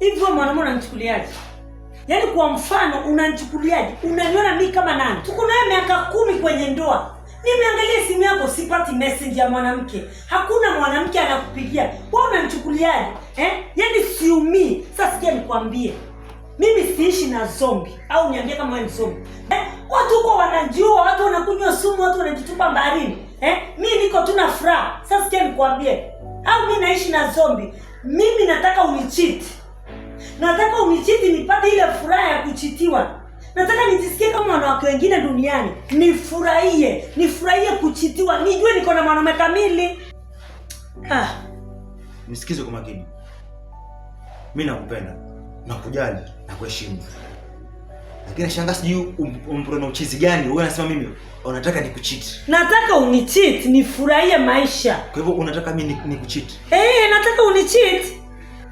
Hivi wewe mwanamume unanichukuliaje? Yaani kwa mfano unanichukuliaje? Unaniona mimi kama nani? Tuko naye miaka kumi kwenye ndoa. Nimeangalia simu yako sipati message ya mwanamke. Hakuna mwanamke anakupigia. Wewe unanichukuliaje? Eh? Yaani siumii. Sasa sikia nikwambie. Mimi siishi na zombi au niambie kama wewe ni zombi. Eh? Watu huko wanajua, watu wanakunywa sumu, watu wanajitupa baharini. Eh? Mimi niko tu na furaha. Sasa sikia nikwambie. Au mimi naishi na zombi. Mimi nataka unichiti. Nataka unichiti nipate ile furaha ya kuchitiwa. Nataka nijisikie kama wanawake wengine duniani, nifurahie, nifurahie kuchitiwa, nijue niko na mwanaume kamili. Ah, nisikize kwa makini. Mimi nakupenda, nakujali, kuheshimu, lakini shanga sijui umpro na uchizi gani wewe. Unasema mimi unataka nikuchiti? Nataka unichiti nifurahie maisha. Kwa hivyo unataka mimi nikuchiti? Eh, nataka unichiti.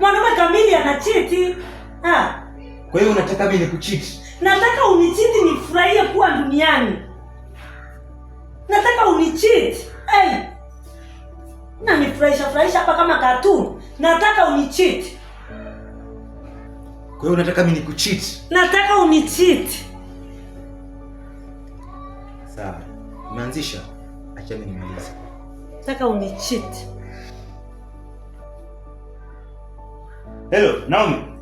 Mwanaume kamili anachiti. Ah. Kwa hiyo unataka mimi nikuchiti? Nataka unichiti nifurahie kuwa duniani. Nataka unichiti. Hey. Na nifurahisha furahisha hapa kama katuni. Nataka unichiti. Kwa hiyo unataka mimi nikuchiti? Nataka unichiti. Sawa. Umeanzisha. Acha mimi nimalize. Nataka unichiti. Hello, Naomi.